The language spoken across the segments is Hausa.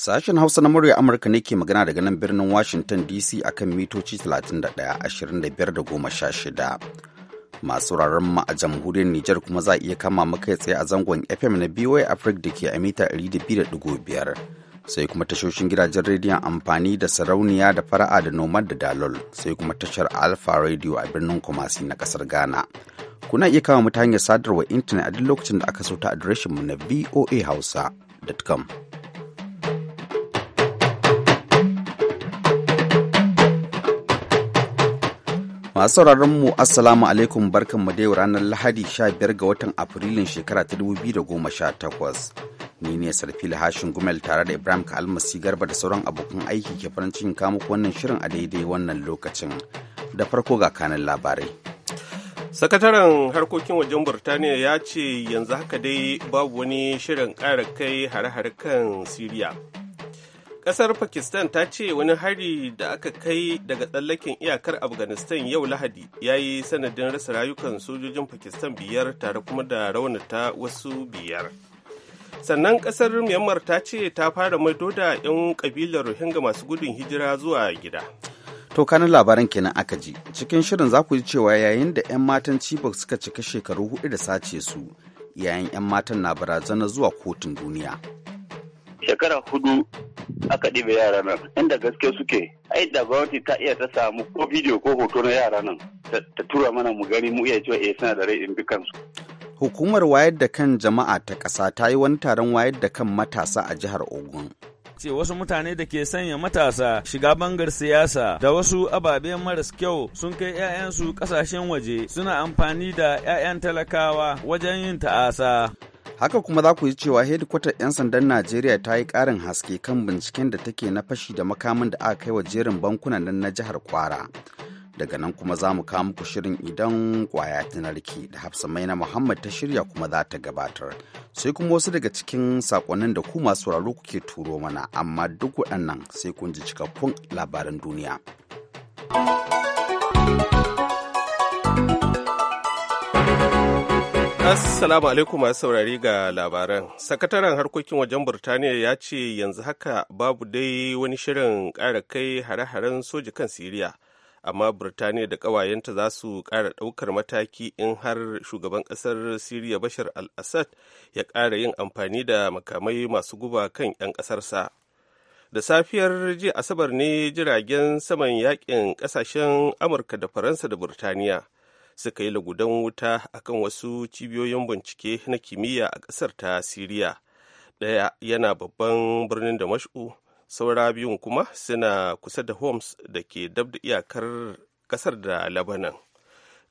Sashen Hausa na murya Amurka ne ke magana daga nan birnin Washington DC a kan mitoci 31-25-16. Masu rarren ma a jamhuriyar Nijar kuma za a iya kama maka tsaye a zangon FM na BOA Africa da ke a mita 200.5. Sai kuma tashoshin gidajen rediyon amfani da sarauniya da fara'a da nomad da dalol sai kuma tashar Alpha Radio a birnin Kumasi na kasar Ghana. Kuna iya kama mu ta hanyar sadarwa intanet a duk lokacin da aka so ta adireshin mu na voahausa.com. masu sauraron mu assalamu alaikum barkan mu yau ranar lahadi 15 ga watan afrilun shekara ta 2018 ni ne sarfi hashin gumel tare da ibrahim kalmasi garba da sauran abokan aiki ke farin cikin kamu wannan shirin a daidai wannan lokacin da farko ga kanan labarai sakataren harkokin wajen burtaniya ya ce yanzu haka dai babu wani shirin kara kai hare-hare kan siriya Ƙasar Pakistan ta ce wani hari da aka kai daga tsallaken iyakar Afghanistan yau Lahadi ya yi sanadin rasa rayukan sojojin Pakistan biyar tare kuma da raunata wasu biyar. Sannan ƙasar Myanmar ta ce ta fara maido da 'yan kabilar Rohingya masu gudun hijira zuwa gida. To kanin labaran kenan aka ji. Cikin shirin za ku ji cewa yayin da 'yan matan Chibok suka cika shekaru hudu da sace su, yayin 'yan matan na barazana zuwa kotun duniya. shekara hudu aka ɗibe yara nan inda gaske suke ai da gwamnati ta iya ta samu ko bidiyo ko hoto na yara nan ta tura mana mu gani mu iya cewa eh suna da rai in bi kansu hukumar wayar da kan jama'a ta ƙasa ta yi wani taron wayar da kan matasa a jihar ogun ce wasu mutane da ke sanya matasa shiga bangar siyasa da wasu ababe maras kyau sun kai 'ya'yansu kasashen waje suna amfani da 'ya'yan talakawa wajen yin ta'asa. haka kuma za ku yi cewa hedikwatar 'yan sandan najeriya ta yi ƙarin haske kan binciken da take na fashi da makamin da aka kai wa jerin bankunan nan na jihar kwara daga nan kuma za mu kawo muku shirin idan kwaya ta narki da hafsa na muhammad ta shirya kuma za ta gabatar sai kuma wasu daga cikin sakonnin da ku masu sauraro kuke turo mana amma duk waɗannan sai kun ji cikakkun labaran duniya. Assalamu alaikum masu saurari ga labaran. Sakataren harkokin wajen Burtaniya ya ce yanzu haka babu dai wani shirin ƙara kai hare-haren soji kan Siriya, amma Burtaniya da ƙawayenta za su ƙara ɗaukar mataki in har shugaban ƙasar Siriya Bashar al-Assad ya ƙara yin amfani da makamai masu guba kan 'yan ƙasarsa. Da safiyar jiya Asabar ne jiragen saman yaƙin ƙasashen Amurka da Faransa da Burtaniya. suka yi lagudan wuta akan wasu cibiyoyin bincike na kimiyya a ƙasar ta siriya ɗaya yana babban birnin da mashu saura biyun kuma suna kusa da homs da ke dab da iyakar ƙasar da labanan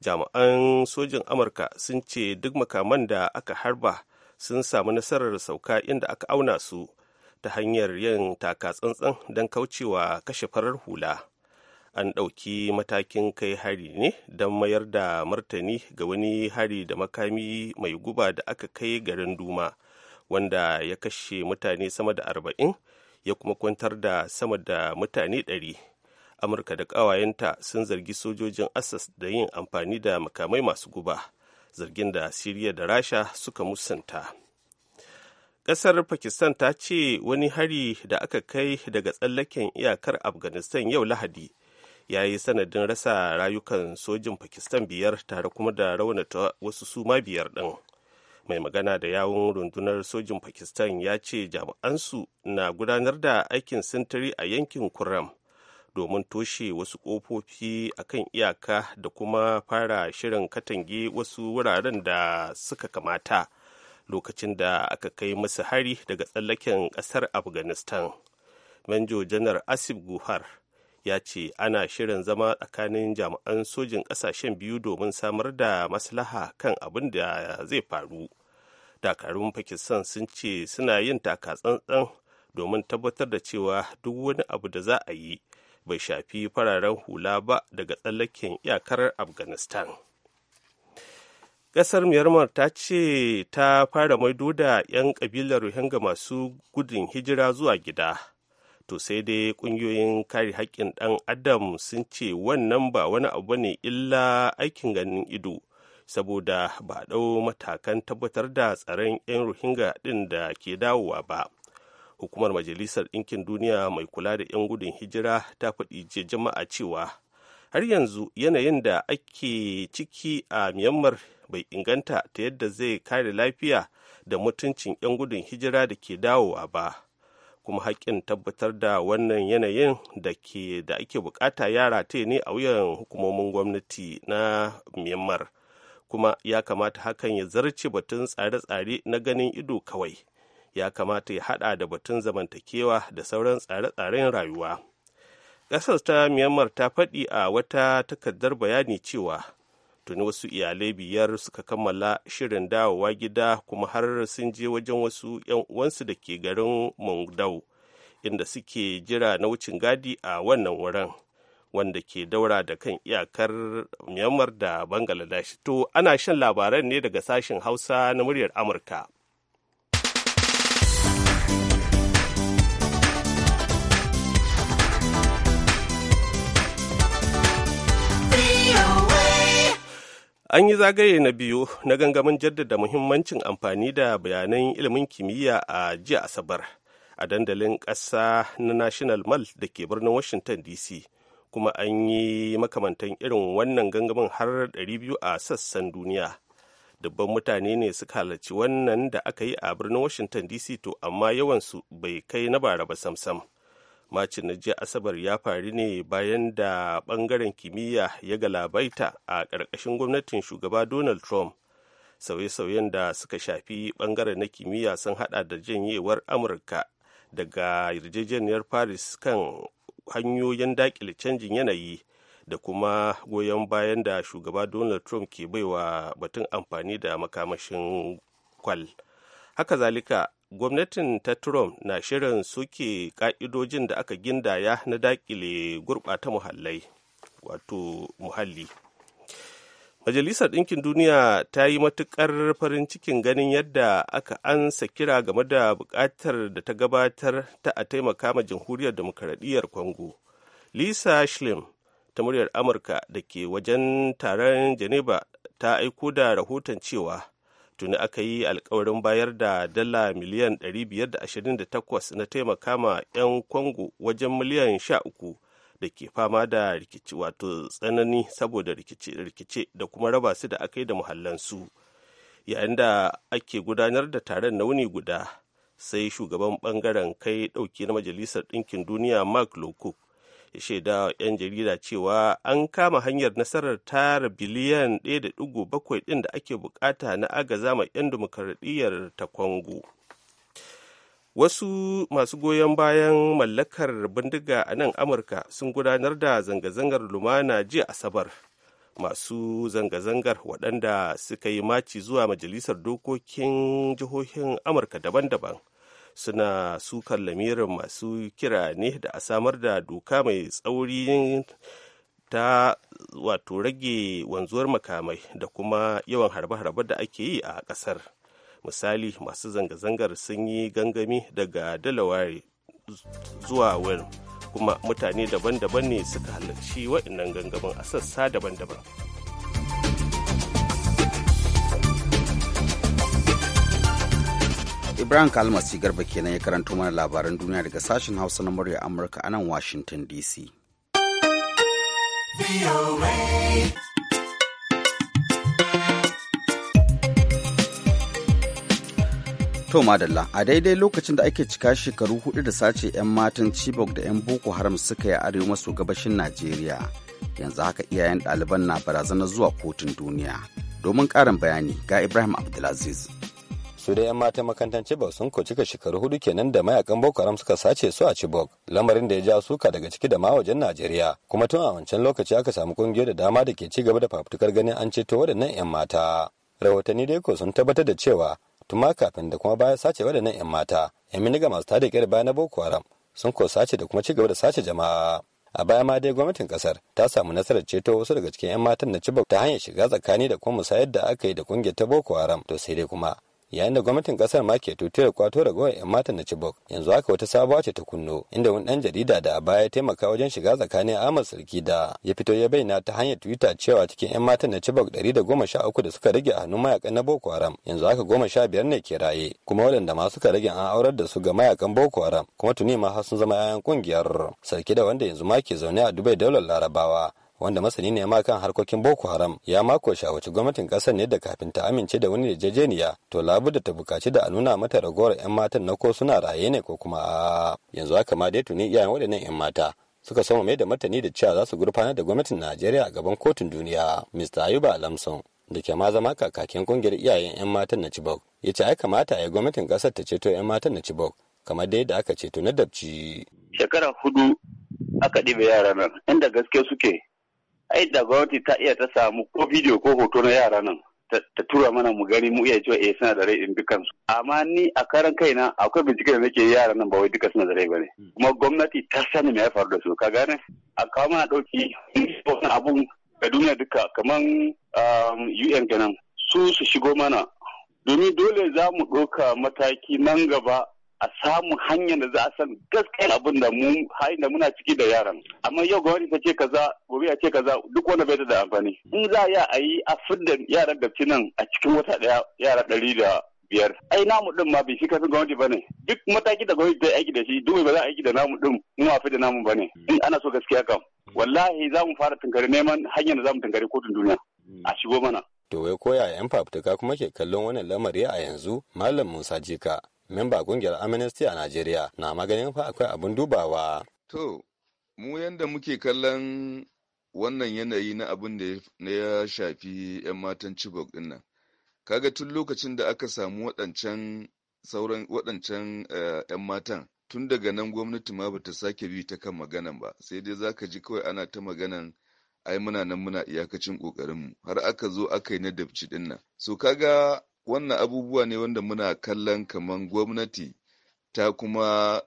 jami'an sojin amurka sun ce duk makaman da aka harba sun samu nasarar sauka inda aka auna su ta hanyar yin taka tsantsan don kaucewa kashe farar hula an ɗauki matakin kai hari ne don mayar da martani ga wani hari da makami mai guba da aka kai garin duma wanda ya kashe mutane sama da arba'in ya kuma kwantar da sama da mutane ɗari amurka da ƙawayenta sun zargi sojojin assas da yin amfani da makamai masu guba zargin da siriya da rasha suka musanta ƙasar pakistan ta ce wani hari da aka kai daga tsallaken iyakar afghanistan yau lahadi ya yi sanadin rasa rayukan sojin pakistan biyar tare kuma da raunata wasu suma biyar ɗin mai magana da yawon rundunar sojin pakistan ya ce jami'ansu na gudanar da aikin sintiri a yankin kuram domin toshe wasu kofofi a kan iyaka da kuma fara shirin katange wasu wuraren da suka kamata lokacin da aka kai masu hari daga tsallaken ƙasar afghanistan manjo janar asif guhar ya ce ana shirin zama tsakanin jami'an sojin ƙasashen biyu domin samar da maslaha kan abin da zai faru dakarun pakistan sun ce suna yin taka tsantsan domin tabbatar da cewa duk wani abu da za a yi bai shafi fararen hula ba daga tsallaken iyakar afghanistan ƙasar myanmar ta ce ta fara maido da 'yan ƙabilar rohingya masu gudun hijira zuwa gida to sai dai kungiyoyin kare haƙƙin ɗan adam sun ce wannan ba wani abu ne illa aikin ganin ido saboda ba a ɗau matakan tabbatar da tsaron 'yan rohingya ɗin da ke dawowa ba hukumar majalisar ɗinkin duniya mai kula da 'yan gudun hijira ta faɗi je jama'a cewa har yanzu yanayin da ake ciki a myanmar bai inganta ta yadda zai kare lafiya da mutuncin 'yan gudun hijira da ke dawowa ba kuma haƙƙin tabbatar da wannan yanayin da ke da ake bukata yara ta ne a wuyan hukumomin gwamnati na myanmar kuma ya kamata hakan ya zarce batun tsare-tsare na ganin ido kawai ya kamata ya hada da batun zamantakewa da sauran tsare-tsaren rayuwa ƙasar ta myanmar ta faɗi a wata takardar bayani cewa tuni wasu iyalai biyar suka kammala shirin dawowa gida kuma har sun je wajen wasu 'yan uwansu da ke garin mongdau inda suke jira na wucin gadi a wannan wurin wanda ke daura da kan iyakar myanmar da bangladesh to ana shan labaran ne daga sashen hausa na muryar amurka an yi zagaye na biyu na gangamin jaddada muhimmancin amfani da bayanan ilimin kimiyya a jiya asabar a dandalin ƙasa na national mall da ke birnin washington dc kuma an yi makamantan irin wannan gangamin har 200 a sassan duniya dubban mutane ne suka halarci wannan da aka yi a birnin washington dc to amma yawansu bai kai na bara ba samsam. macin na jiya asabar ya faru ne bayan da bangaren kimiyya ya galabaita a ƙarƙashin gwamnatin shugaba donald trump sauye-sauyen da suka shafi bangaren na kimiyya sun hada da janyewar amurka daga yarjejeniyar paris kan hanyoyin dakile canjin yanayi da kuma goyon bayan da shugaba donald trump ke baiwa batun amfani da makamashin kwal haka zalika gwamnatin ta trump na shirin suke ka'idojin da aka gindaya na dakile gurɓata muhallai wato muhalli majalisar ɗinkin duniya ta yi matuƙar farin cikin ganin yadda aka ansa kira game da buƙatar da ta gabatar ta a taimaka ma jamhuriyar demokaradiyyar congo lisa Shlim ta muryar amurka da ke wajen taron geneva ta aiko da rahoton cewa tuni aka yi alkawarin bayar da dala miliyan 528 na taimaka ma 'yan kwango wajen miliyan 13 da ke fama da rikici wato tsanani saboda rikice-rikice da kuma raba su da aka yi da muhallansu yayin da ake gudanar da taron na wuni guda sai shugaban bangaren kai dauki na majalisar ɗinkin duniya mark lowcock ya shaida 'yan jarida cewa an kama hanyar nasarar tara biliyan 1.7 ɗin da ake bukata na agaza ma 'yan dimokuraɗiyyar ta kwango wasu masu goyon bayan mallakar bindiga a nan amurka sun gudanar da zanga-zangar lumana jiya asabar masu zanga-zangar waɗanda suka yi maci zuwa majalisar dokokin jihohin amurka daban-daban suna sukan lamirin masu kira ne da a samar da doka mai tsauri ta wato rage wanzuwar makamai da kuma yawan harbe-harbe da ake yi a kasar misali masu zanga-zangar sun yi gangami daga delaware zuwa wani kuma mutane daban-daban ne suka halarci waɗannan gangamin a sassa daban-daban Ibrahim Kalmas Garba kenan ya karanto mana labaran duniya daga sashen Hausa na murya Amurka a nan Washington DC. To Madalla, a daidai lokacin da ake cika shekaru hudu da sace 'yan matan Chibok da 'yan Boko Haram suka yi arewa maso gabashin Najeriya. Yanzu haka iyayen ɗaliban na barazana zuwa kotun duniya. Domin ƙarin bayani ga Ibrahim Abdulaziz. su da 'yan mata makantan Chibok sun ko cika shekaru hudu kenan da mayakan Boko Haram suka sace su a Chibok, lamarin da ya ja suka daga ciki da ma wajen Najeriya. Kuma tun a wancan lokaci aka samu kungiyoyi da dama da ke ci gaba da fafutukar ganin an ceto waɗannan 'yan mata. Rahotanni dai ko sun tabbatar da cewa tuma kafin da kuma baya sace waɗannan 'yan mata, 'yan miniga masu tada kyar baya na Boko Haram sun ko sace da kuma ci gaba da sace jama'a. a baya ma dai gwamnatin kasar ta samu nasarar ceto wasu daga cikin 'yan matan na Chibok ta hanyar shiga tsakani da kuma musayar da aka yi da kungiyar ta Boko Haram to sai dai kuma yayin da gwamnatin kasar ma ke tutiyar kwato daga 'yan matan na Chibok yanzu haka wata sabuwa ce ta kunno inda wani dan jarida da a baya taimaka wajen shiga tsakanin Ahmad Sarki da ya fito ya bayyana ta hanyar Twitter cewa cikin 'yan matan na Chibok 113 da suka rage a hannun mayakan na Boko Haram yanzu haka sha biyar ne ke raye kuma waɗanda ma suka rage an aurar da su ga mayakan Boko Haram kuma tuni ma har sun zama 'ya'yan kungiyar Sarki da wanda yanzu ma ke zaune a Dubai daular Larabawa wanda masani ne ma kan harkokin boko haram ya mako shawarci gwamnatin kasar ne da kafin ta amince da wani yarjejeniya to da ta bukaci da a nuna mata ragowar 'yan matan na ko suna raye ne ko kuma a yanzu haka ma dai tuni iyayen waɗannan 'yan mata suka sama mai da ,matani da cewa za su gurfanar da gwamnatin najeriya a gaban kotun duniya mr ayuba lamson da ke ma zama kakakin kungiyar iyayen 'yan matan na chibok ya ce ya kamata a yi gwamnatin kasar ta ceto 'yan matan na chibok kamar dai da aka ceto na dabci shekara hudu aka ɗibe yaran nan inda gaske suke ai da gwamnati ta iya ta samu ko bidiyo ko hoto na yara nan ta tura mana mu gani mu iya cewa eh suna da rai in bi kansu amma ni a karan kaina akwai bincike da nake yaran nan ba wai duka suna da rai bane hmm. kuma gwamnati ta sani me ya faru da su ka gane a kawo mana dauki abun da duniya duka kaman UN um, kenan su su shigo mana domin dole za mu ɗauka mataki nan gaba a samu hanyar da za a san gaskiya abin da mu da muna ciki da yaran amma yau gwamnati ta ce kaza gobe ya ce kaza duk wanda bai da amfani in za a yi a fidda yaran da a cikin wata daya yara ɗari da biyar ai namu din ma bai shi kafin gwamnati bane duk mataki da gwamnati ta aiki da shi duk ba za a aiki da namu din mu a da namu bane in ana so gaskiya kam wallahi za mu fara tunkari neman hanyar da za mu tunkari kotun duniya hmm. a shigo mana to wai koya yan fafutuka kuma ke kallon wannan lamari a yanzu malam Musa Jika memba kungiyar amnesty a najeriya na maganin fa akwai abin dubawa to mu yanda muke kallon wannan yanayi na abin da ya shafi 'yan matan chibok din nan kaga tun lokacin da aka samu waɗancan sauran waɗancan eh, 'yan matan tun daga nan gwamnati ma bata sake bi ta kan maganan ba sai dai zaka ji kawai ana ta maganan ai muna nan muna iyakacin kokarinmu har aka zo aka yi na dabci din nan so kaga wannan abubuwa ne wanda muna kallon kaman gwamnati ta kuma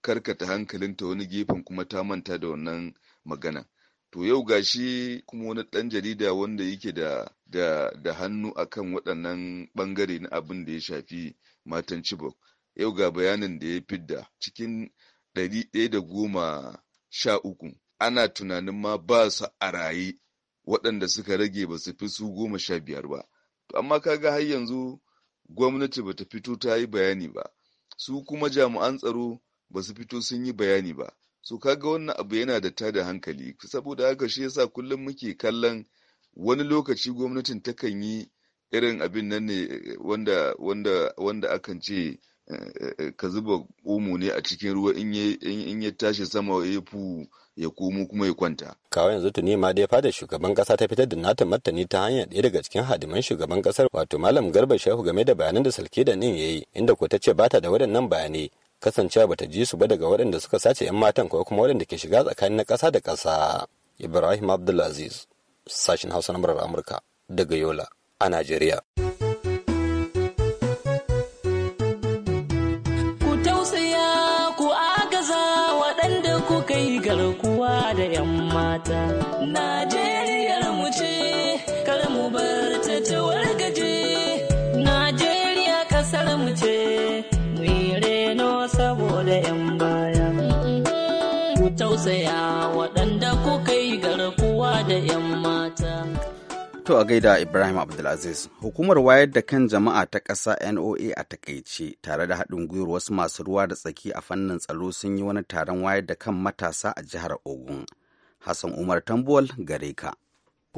karkata hankalin ta wani gefen kuma ta manta da wannan magana. To yau gashi kuma wani ɗan jarida wanda yake da, da, da hannu akan waɗannan bangare na abin da ya shafi matan cibok Yau ga bayanin da ya fidda cikin ɗari ɗaya da goma sha uku ana tunanin ma ba su a raye waɗanda suka rage ba su fi su goma sha biyar ba. amma kaga har yanzu gwamnati bata fito ta yi bayani ba su kuma jami'an tsaro ba su fito sun yi bayani ba so kaga wannan abu yana da ta da hankali saboda haka shi yasa kullum muke kallon wani lokaci gwamnatin takan yi irin abin nan ne eh, wanda akan ce Eh, eh, ka zuba omo ne a cikin ruwa in ya tashi sama ya fu ya komo kuma ya kwanta. Kawai yanzu tuni ma dai fada shugaban kasa ta fitar da nata martani ta hanyar ɗaya daga cikin hadiman shugaban kasar wato malam garba shehu game da bayanan da salke da nin yi, inda ko ta ce bata da waɗannan bayanai kasancewa bata ji su ba daga waɗanda suka sace 'yan matan ko kuma waɗanda ke shiga tsakanin na ƙasa da ƙasa. Ibrahim Abdulaziz, sashen Hausa na Amurka daga Yola a Najeriya. mata najeriyar mu ce kar mu bar ta ta wargaje najeriya kasar mu ce mu yi reno saboda yan baya ku tausaya waɗanda kuka yi garkuwa da yan mata To a gaida Ibrahim Abdulaziz, hukumar wayar da kan jama'a ta ƙasa NOA a takaice tare da haɗin gwiwar wasu masu ruwa da tsaki a fannin tsaro sun yi wani taron wayar da kan matasa a jihar Ogun. Hassan Umar Tambuwal gare ka.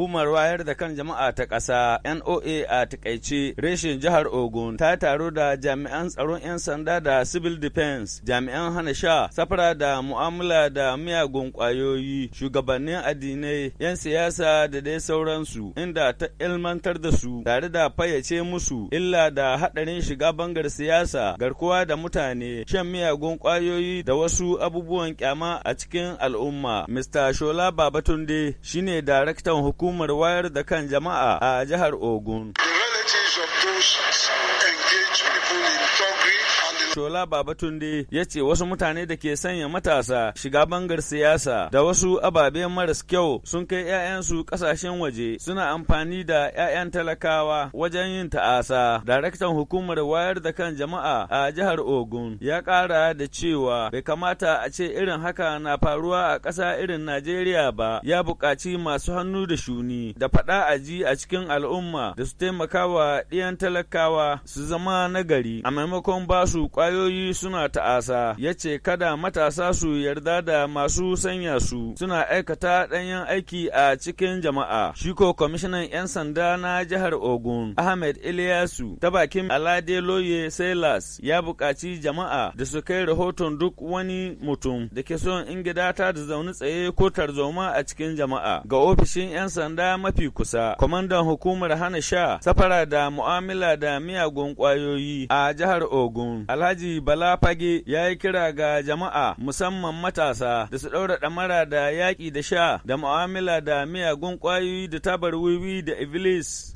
hukumar wayar da kan jama'a ta ƙasa NOA a takaice reshen jihar Ogun ta taro da jami'an tsaron 'yan sanda da civil defense, jami'an hana sha, safara da mu'amala da miyagun ƙwayoyi, shugabannin addinai, 'yan siyasa da dai sauransu, inda ta ilmantar da su tare da fayyace musu illa da haɗarin shiga bangar siyasa, garkuwa da mutane, shan miyagun kwayoyi da wasu abubuwan kyama a cikin al'umma. Mr. Shola Babatunde shine daraktan hukumar hukumar wayar da kan jama'a a jihar Ogun. The Shola Babatunde ya ce wasu mutane da ke sanya matasa shiga bangar siyasa da wasu ababe maras kyau sun kai 'ya'yansu kasashen waje suna amfani da 'ya'yan talakawa wajen yin ta'asa. Daraktan hukumar wayar da kan jama'a a jihar Ogun ya ƙara da cewa bai kamata a ce irin haka na faruwa a ƙasa irin Najeriya ba ya buƙaci masu hannu da shuni da faɗa a ji a cikin al'umma da su taimakawa ɗiyan talakawa su zama nagari a maimakon ba su kwayoyi suna ta'asa ya ce kada matasa su yarda da masu sanya su suna aikata ɗanyen aiki a cikin jama'a shi ko kwamishinan 'yan sanda na jihar ogun ahmed iliyasu ta bakin alade loye selas ya buƙaci jama'a da su kai rahoton duk wani mutum da ke son ingida ta da zaune tsaye ko tarzoma a cikin jama'a ga ofishin 'yan sanda mafi kusa kwamandan hukumar hana sha safara da mu'amala da miyagun kwayoyi. a jihar ogun Alhaji Bala Fage ya yi kira ga jama'a musamman matasa da su ɗaura ɗamara da yaƙi da sha da mu'amala da miyagun ƙwayoyi da tabar wiwi da Iblis.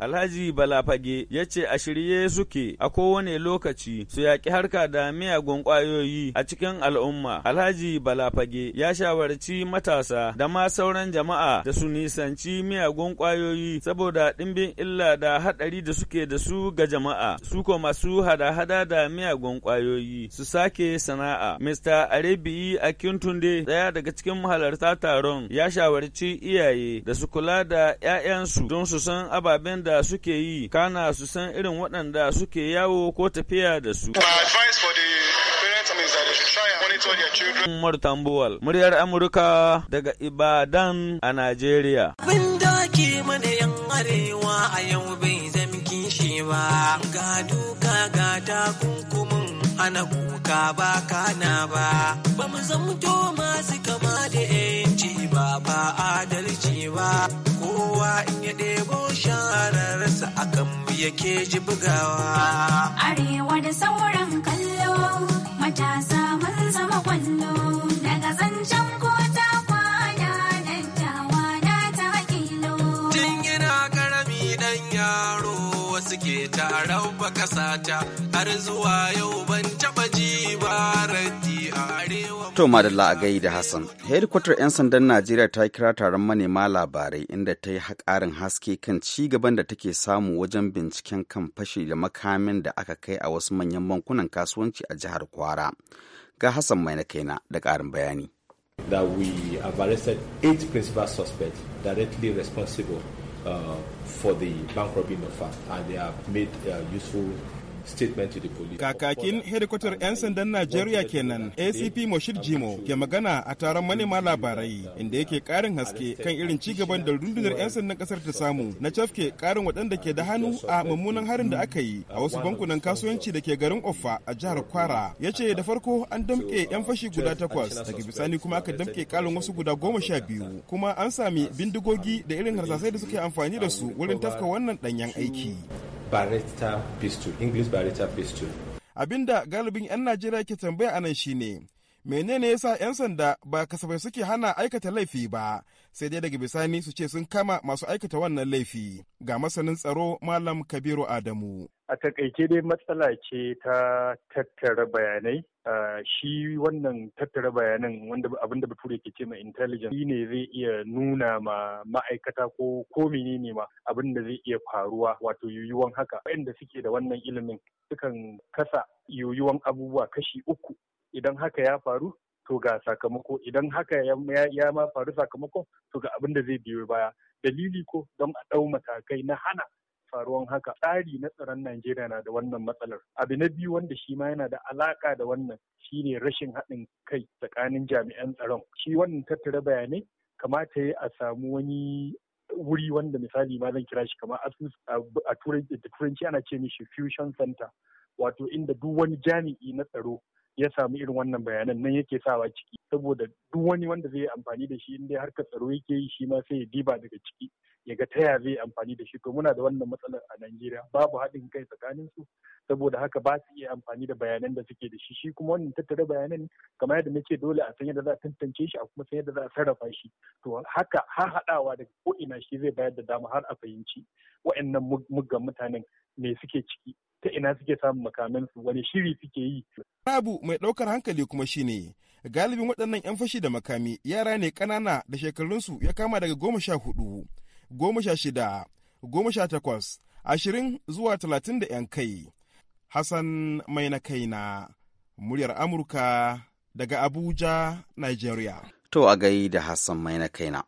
Alhaji Balafage ya ce a shirye suke a kowane lokaci su yaƙi harka da miyagun ƙwayoyi a cikin al'umma. Alhaji Balafage ya shawarci matasa da ma sauran jama'a da su nisanci miyagun ƙwayoyi saboda ɗimbin illa da haɗari da suke da su ga jama'a. Su ko masu hada-hada da miyagun ƙwayoyi su sake sana'a. Mista Arebiyi Akintunde ɗaya daga cikin mahalarta taron ya shawarci iyaye da su kula da 'ya'yansu don su san san ababen da suke yi kana su san irin waɗanda suke yawo ko tafiya da su. Umar Tambuwal, muryar Amurka daga Ibadan a Najeriya. Abin da ke mana yan arewa a yau bai zama kishi ba, ga duka ga takunkumin ana kuka ba kana ba, ba mu zamto masu kama da 'yanci ba ba adalci ba. kowa in ya ɗebo shahararsa akan mu yake ji bugawa. Arewa da sauran kallo matasa mun zama kwallo daga zancen ko ta nan tawa na ta kilo. Tun yana karami dan yaro wasu ke taron baka sata har zuwa yau ban taɓa ji ba To Madalla a da Hassan, hedikwatar 'yan sandan Najeriya ta kira taron manema labarai inda ta yi haƙarin haske kan ci gaban da take samu wajen binciken kan fashi da makamin da aka kai a wasu manyan bankunan kasuwanci a jihar Kwara. Ga Hassan mai na kaina da ƙarin bayani. That we have arrested eight principal suspects directly responsible uh, for the bank robbing of and they have made uh, useful statement to the police. Kakakin hedikwatar 'yan sandan Najeriya kenan ACP Moshid Jimo ke magana a taron manema labarai inda yake karin haske kan irin cigaban da rundunar 'yan sandan kasar ta samu na cafke karin waɗanda ke da hannu a mummunan harin da aka yi a wasu bankunan kasuwanci da ke garin Offa a jihar Kwara. Ya ce da farko an damƙe 'yan fashi guda takwas daga bisani kuma aka damƙe kalin wasu guda goma sha biyu kuma an sami bindigogi da irin harsasai da suke amfani da su wurin tafka wannan ɗanyen aiki. barista pistol english barista pistol abinda galibin 'yan najeriya ke tambaya anan shine menene yasa 'yan sanda ba kasafai suke hana aikata laifi ba sai dai daga bisani su ce sun kama masu aikata wannan laifi ga masanin tsaro malam kabiru adamu a takaice dai matsala ce ta tattara bayanai shi wannan tattara bayanan wanda abinda bature ke ce ma intelligence shi ne zai iya nuna ma ma'aikata ko ko menene ma abinda zai iya faruwa wato yuyuwan haka waɗanda suke da wannan ilimin sukan kasa yuyuwan abubuwa kashi uku idan haka ya faru to ga sakamako idan haka ya ma faru sakamako to ga abin da zai biyo baya dalili ko don a ɗau matakai na hana faruwan haka tsari na tsaron Najeriya na da wannan matsalar. Abu na biyu wanda shi ma yana da alaka da wannan shine rashin haɗin kai tsakanin jami'an tsaron. Shi wannan tattara bayanai kamata ya a samu wani wuri wanda misali ma zan kira shi kamar asus a turanci ana ce mishi fusion center wato inda duk wani jami'i na tsaro ya samu irin wannan bayanan nan yake sawa ciki saboda duk wani wanda zai yi amfani da shi inda harkar tsaro yake yi shi ma sai ya diba daga ciki ya ga ta zai amfani da shi to muna da wannan matsalar a Najeriya babu haɗin kai tsakanin su saboda haka ba su iya amfani da bayanan da suke da shi shi kuma wannan tattara bayanan kamar yadda nake dole a san yadda za a tantance shi a kuma san yadda za a sarrafa shi to haka har haɗawa daga ko ina shi zai bayar da dama har a fahimci wa'annan muggan mutanen me suke ciki ta ina suke samun makamansu wani shiri suke yi. Abu mai ɗaukar hankali kuma shine galibin waɗannan 'yan fashi da makami yara ne ƙanana da shekarunsu ya kama daga goma sha hudu, goma sha shida, goma sha takwas, ashirin zuwa talatin da 'yan kai. Hassan mai na kaina, muryar Amurka daga Abuja, Nigeria. To a gai da Hassan mai na kaina.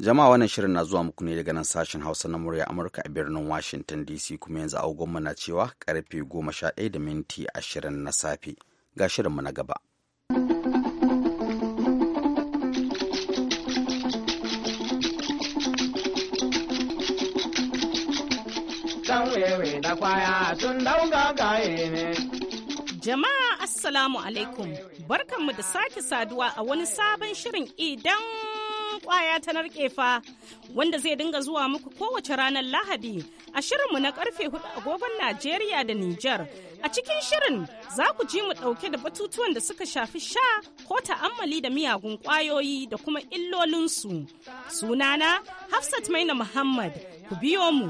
Jama'a wannan shirin na zuwa muku ne daga nan sashen Hausa na murya Amurka a birnin Washington DC kuma yanzu agogonmu na cewa karfe goma sha ɗaya da minti ashirin na safe. Ga shirinmu na gaba. Jama'a Assalamu alaikum, barkanmu da sake saduwa a wani sabon shirin idan kwaya ta narke fa wanda zai dinga zuwa muku kowace ranar Lahadi a shirinmu na karfe hudu agogon Najeriya da Nijar A cikin shirin za ku ji mu ɗauke da batutuwan da suka shafi sha ko ta'ammali da miyagun ƙwayoyi da kuma illolinsu. Sunana Hafsat Maina Muhammad ku biyo mu.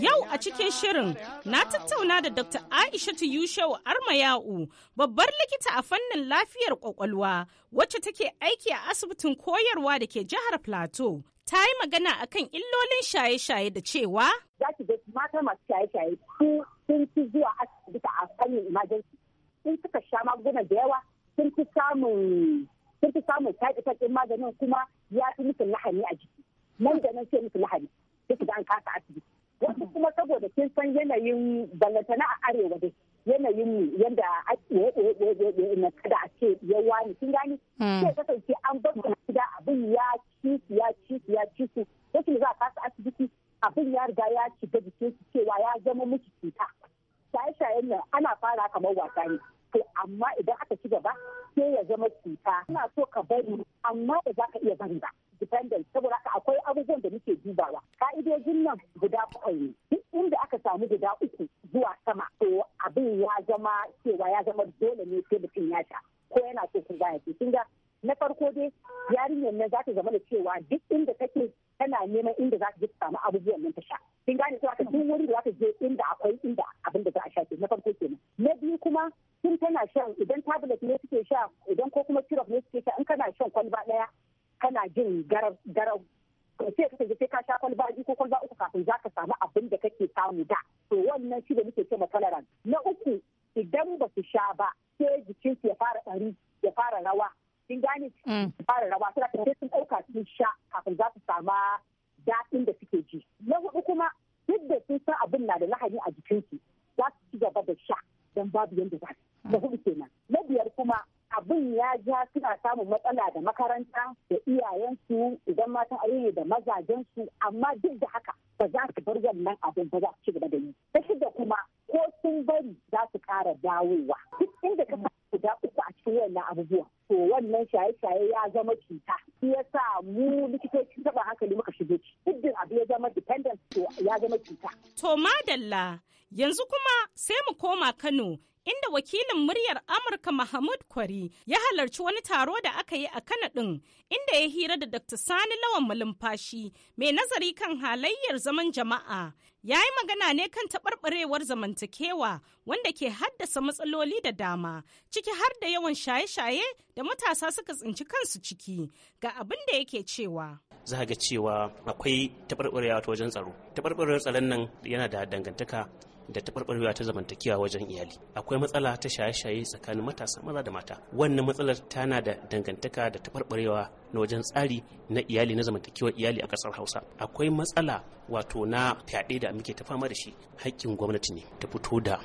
Yau a cikin shirin na tattauna da Dr. Aishatu Yushau Armayau babbar likita a fannin lafiyar kwakwalwa wacce take aiki a asibitin koyarwa da ke jihar Plateau. ta yi magana akan illolin shaye-shaye da cewa. Za ki ga mata masu shaye-shaye sun fi zuwa asibiti a fannin emergency. Sun suka sha magunguna da yawa sun fi samun sun fi samun maganin kuma ya fi musu lahani a jiki. Nan da nan sai musu lahani. Duk da an kasa asibiti. Wasu kuma saboda kin san yanayin dangantana a arewa dai. yanayin yadda a na kada a ce yawa ne kin gani hmm. sai kasance an bar mu gida abin ya ci su ya ci su ya ci su za a kasa asibiti abin ya riga ya shiga jikin su cewa ya zama miki cuta shaye-shayen nan ana fara kamar wasa ne to amma idan aka ci gaba sai ya zama cuta Ana so ka bari amma da za ka iya bari ba dependent saboda akwai abubuwan da muke dubawa ka'idojin nan guda bakwai ne duk inda aka samu guda cikin ya ko yana so ku baya ce kinga na farko dai yarinyar nan za ta zama da cewa duk inda kake tana neman inda za ta je samu abubuwan nan ta sha kin gane cewa ta duk wurin da za ta je inda akwai inda abin da za a sha ke na farko kenan na biyu kuma tun tana shan idan tablet ne suke sha idan ko kuma syrup ne suke sha in kana shan kwalba daya kana jin garau garar sai ka je sai ka sha kwalba biyu ko kwalba uku kafin za ka samu abin da kake samu da to wannan shi da muke ce ma na uku idan ba su sha ba sai jikin su ya fara ɗari ya fara rawa kin gane mm. fara rawa suna ta sun ɗauka sun sha kafin za su sama daɗin da suke ji na hudu kuma duk da sun san abin na da lahani a jikin su za su ci gaba da sha don babu yadda za su na hudu kenan na biyar kuma abin ya ja suna samun matsala da makaranta da iyayensu idan matan aure da mazajensu amma duk da haka ba za su bar wannan abin ba za su ci gaba da yi ƙara dawowa duk inda ka guda uku a cikin wannan abubuwa to wannan shaye-shaye ya zama cuta shi sa mu likitoci taba hankali muka shigo ci din abu ya zama dependent to ya zama cuta to madalla yanzu kuma sai mu koma Kano inda wakilin muryar Amurka Mahmud Kwari ya halarci wani taro da aka yi a Kanadin, ɗin inda ya hira da Dr. Sani Lawan Malumfashi mai nazari kan halayyar zaman jama'a. Ya yi magana ne kan taɓarɓarewar zamantakewa wanda ke haddasa matsaloli da dama, ciki har da yawan shaye-shaye da matasa suka tsinci kansu ciki ga abin da yake cewa. za ga cewa akwai taɓarɓarewa ta wajen tsaro taɓarɓarewar tsaron nan yana da dangantaka da taɓarɓarewa ta zamantakewa wajen iyali akwai matsala ta shaye-shaye tsakanin matasa maza da mata wannan matsalar tana da dangantaka da taɓarɓarewa na wajen tsari na iyali na zamantakewar iyali a ƙasar hausa akwai matsala wato na fyaɗe da muke ta fama da shi haƙƙin gwamnati ne ta fito da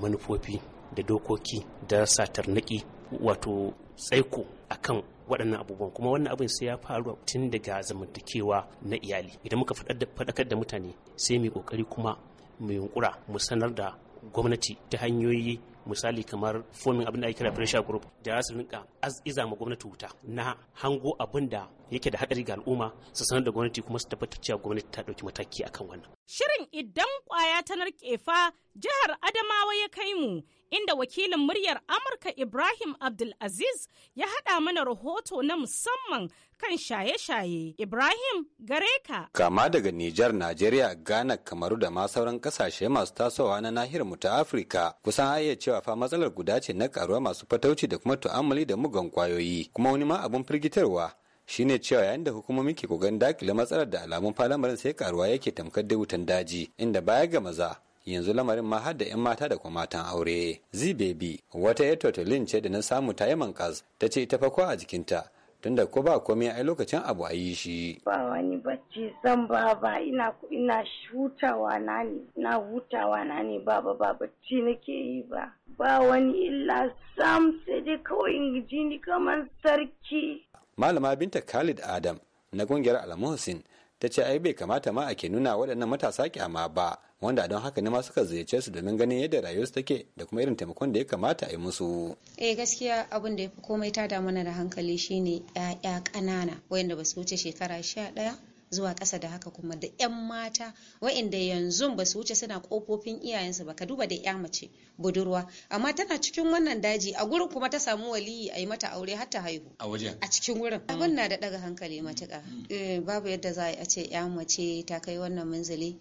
manufofi da dokoki da satarnaki wato tsaiko akan waɗannan abubuwan kuma wannan abin sai ya faru tun daga zamantakewa na iyali idan muka faɗakar da mutane sai mu ƙoƙari kuma mu yunkura mu sanar da gwamnati ta hanyoyi misali kamar fomin abin da ake kira pressure group da su rinka iza ma gwamnati wuta na hango abin da yake da hadari ga al'umma su sanar da gwamnati kuma su tabbatar cewa gwamnati ta dauki mataki akan wannan shirin idan kwaya ta narkefa jihar adamawa ya kai mu inda wakilin muryar Amurka Ibrahim Abdulaziz ya haɗa mana rahoto na musamman kan shaye-shaye. Ibrahim Gareka. Kama daga Nijar, Najeriya, Ghana, Kamaru da ma sauran kasashe masu tasowa na nahiyar mu ta Afirka, kusan iya cewa fa matsalar guda ce na karuwa masu fatauci da kuma tu'amali da mugan kwayoyi, kuma wani ma abun firgitarwa shine cewa yayin da hukumomi ke kogon dakile matsalar da alamun falamarin sai karuwa yake tamkar da wutan daji, inda baya ga maza yanzu lamarin ma har da 'yan mata da kuma matan aure zibebi wata ya totalin ce da na samu ta yi mankas ta ce ta fako a jikinta tunda ko ba komai ai lokacin abu a yi shi. Ba wani bacci zan ba ba ina ina hutawa na ne na hutawa na ne ba ba ba bacci nake yi ba. Ba wani illa sam sai dai kawai in ji ni kamar sarki. Malama Binta Khalid Adam na kungiyar Almuhsin ta ce ai bai kamata ma ake nuna waɗannan matasa kyama ba wanda don haka ne ma suka ziyarce su domin ganin yadda su take da kuma irin taimakon da ya kamata a yi musu. Eh gaskiya abin da ya fi komai ta damu mana da hankali shine ƴaƴa ƙanana wayanda ba su wuce shekara sha ɗaya zuwa ƙasa da haka kuma da 'yan mata wa'inda yanzu ba su wuce suna ƙofofin iyayensu ba ka duba da 'ya mace budurwa amma tana cikin wannan daji a gurin kuma ta samu waliyi a yi mata aure har ta haihu a waje. a cikin wurin mm. abin na da ɗaga hankali matuƙa mm. eh, babu yadda za a ce 'ya mace ta kai wannan manzali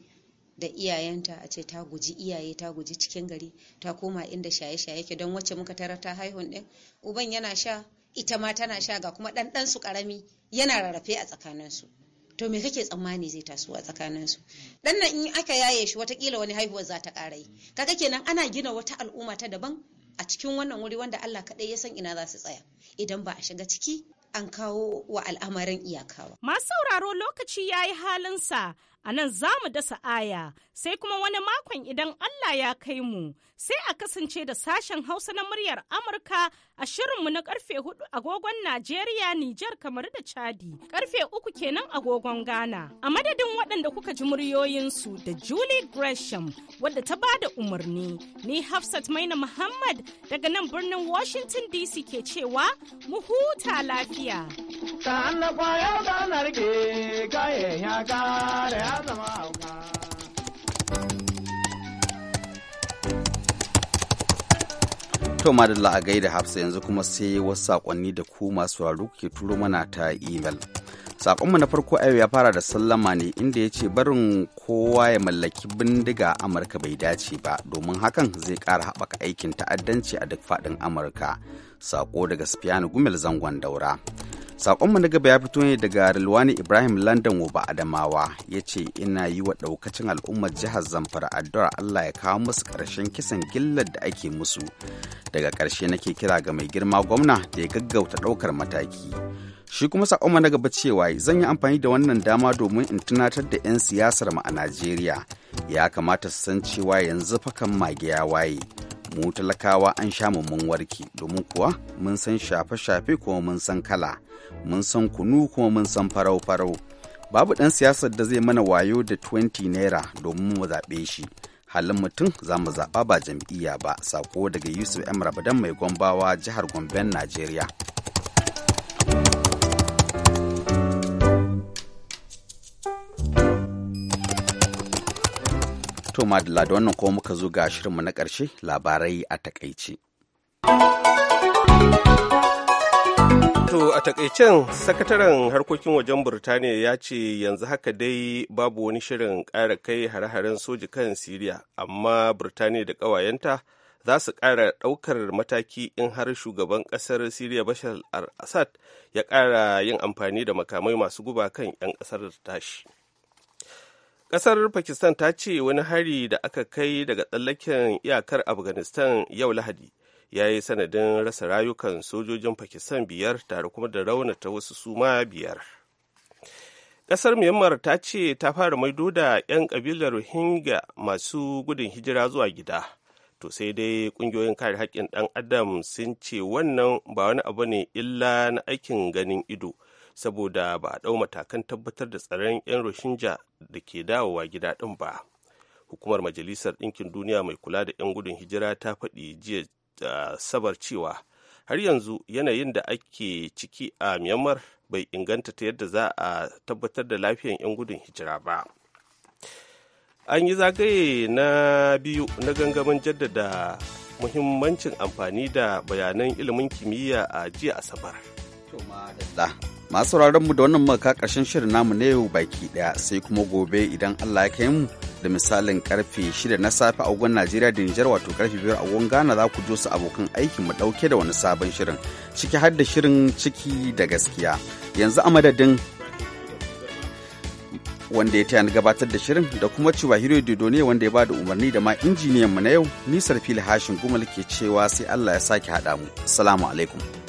da iyayenta a ce ta guji iyaye ta guji cikin gari ta koma inda shaye-shaye ke don wacce muka tara ta haihun ɗin. uban yana sha ita ma tana sha ga kuma ɗanɗansu su ƙarami yana rarrafe a tsakaninsu to me kake tsammani zai taso a tsakanin su dan nan in aka yaye shi watakila wani haihuwar za ta ƙara yi kaga kenan ana gina wata al'umma ta daban a cikin wannan wuri wanda Allah kaɗai ya san ina za su tsaya idan ba a shiga ciki an kawo wa al'amarin iyakawa. Masu sauraro lokaci ya yi sa. A nan za mu dasa aya sai kuma wani makon idan Allah ya kai mu sai a kasance da sashen Hausa na muryar Amurka a shirinmu na karfe hudu agogon Najeriya, Nijar kamar da Chadi, karfe uku kenan agogon Ghana. A madadin waɗanda kuka ji muryoyinsu da Julie Gresham wadda ta bada umarni, ni Hafsat Maina Muhammad daga nan birnin Washington DC ke cewa mu huta lafiya. Ta ya ya zama hauka. To a gaida hafsa yanzu kuma sai wasu saƙonni da ku masu sauraro ke turo mana ta imel. Saƙonmu na farko a ya fara da sallama ne inda ya ce barin kowa ya mallaki bindiga Amurka bai dace ba domin hakan zai ƙara haɓaka aikin ta'addanci a duk faɗin Amurka. Sako daga Sufiyanu Gumel zangon daura. Sakonmu na gaba ya fito ne daga Rilwani Ibrahim London Oba Adamawa ya ce ina yi wa ɗaukacin al'ummar jihar Zamfara addu'ar Allah ya kawo musu ƙarshen kisan gillar da ake musu. Daga ƙarshe nake kira ga mai girma gwamna da ya gaggauta ɗaukar mataki. shi kuma sakon na gaba cewa zan yi amfani da wannan dama domin in tunatar da 'yan siyasar mu a najeriya ya kamata su san cewa yanzu fakan mage ya waye mu talakawa an sha mun warki domin kuwa mun san shafe-shafe kuma mun san kala mun san kunu kuma mun san farau-farau babu ɗan siyasar da zai mana wayo da 20 naira domin mu zaɓe shi halin mutum za mu zaɓa ba jam'iyya ba sako daga yusuf m rabadan mai gombawa jihar gomben najeriya To madalla da wannan kuma muka zo ga shirinmu na ƙarshe labarai a takaice. To a takaicen sakataren harkokin wajen Burtaniya ya ce yanzu haka dai babu wani shirin ƙara kai hare-haren soji kan Siriya, amma Burtaniya da ƙawayenta za su ƙara ɗaukar mataki in har shugaban ƙasar Siriya Bashar al-Assad ya ƙara yin amfani da makamai masu guba kan 'yan ƙasar tashi. Ƙasar Pakistan ta ce wani hari da aka kai daga tsallaken iyakar Afghanistan yau Lahadi ya yi sanadin rasa rayukan sojojin Pakistan biyar tare kuma da raunata wasu suma biyar. Ƙasar Myanmar ta ce ta fara maido da 'yan ƙabilar Rohingya masu gudun hijira zuwa gida. To sai dai ƙungiyoyin kare haƙƙin ɗan Adam sun ce wannan ba wani abu ne illa na aikin ganin ido. saboda ba a ɗau matakan tabbatar da tsaron 'yan roshinja da ke dawowa gida din ba. Hukumar Majalisar Ɗinkin Duniya mai kula da 'yan gudun hijira ta faɗi jiya ah, sabar cewa har yanzu yanayin da ake ciki a Myanmar bai inganta ta yadda za a tabbatar da lafiyan 'yan gudun hijira ba. An yi zagaye na biyu na gangamin jaddada muhimmancin amfani da bayanan ilimin kimiyya a jiya Asabar. masu mu da wannan maka ƙarshen shirin namu na yau baki ɗaya sai kuma gobe idan Allah ya kai mu da misalin karfe shida na safe a gwan Najeriya da Nijar wato karfe 5 a gwan Ghana za ku su abokan aikin mu ɗauke da wani sabon shirin ciki har da shirin ciki da gaskiya yanzu a madadin wanda ya taya gabatar da shirin da kuma cewa hiro dodo ne wanda ya bada umarni da ma injiniyan mu na yau nisar fili hashin gumal ke cewa sai Allah ya sake haɗa mu salamu alaikum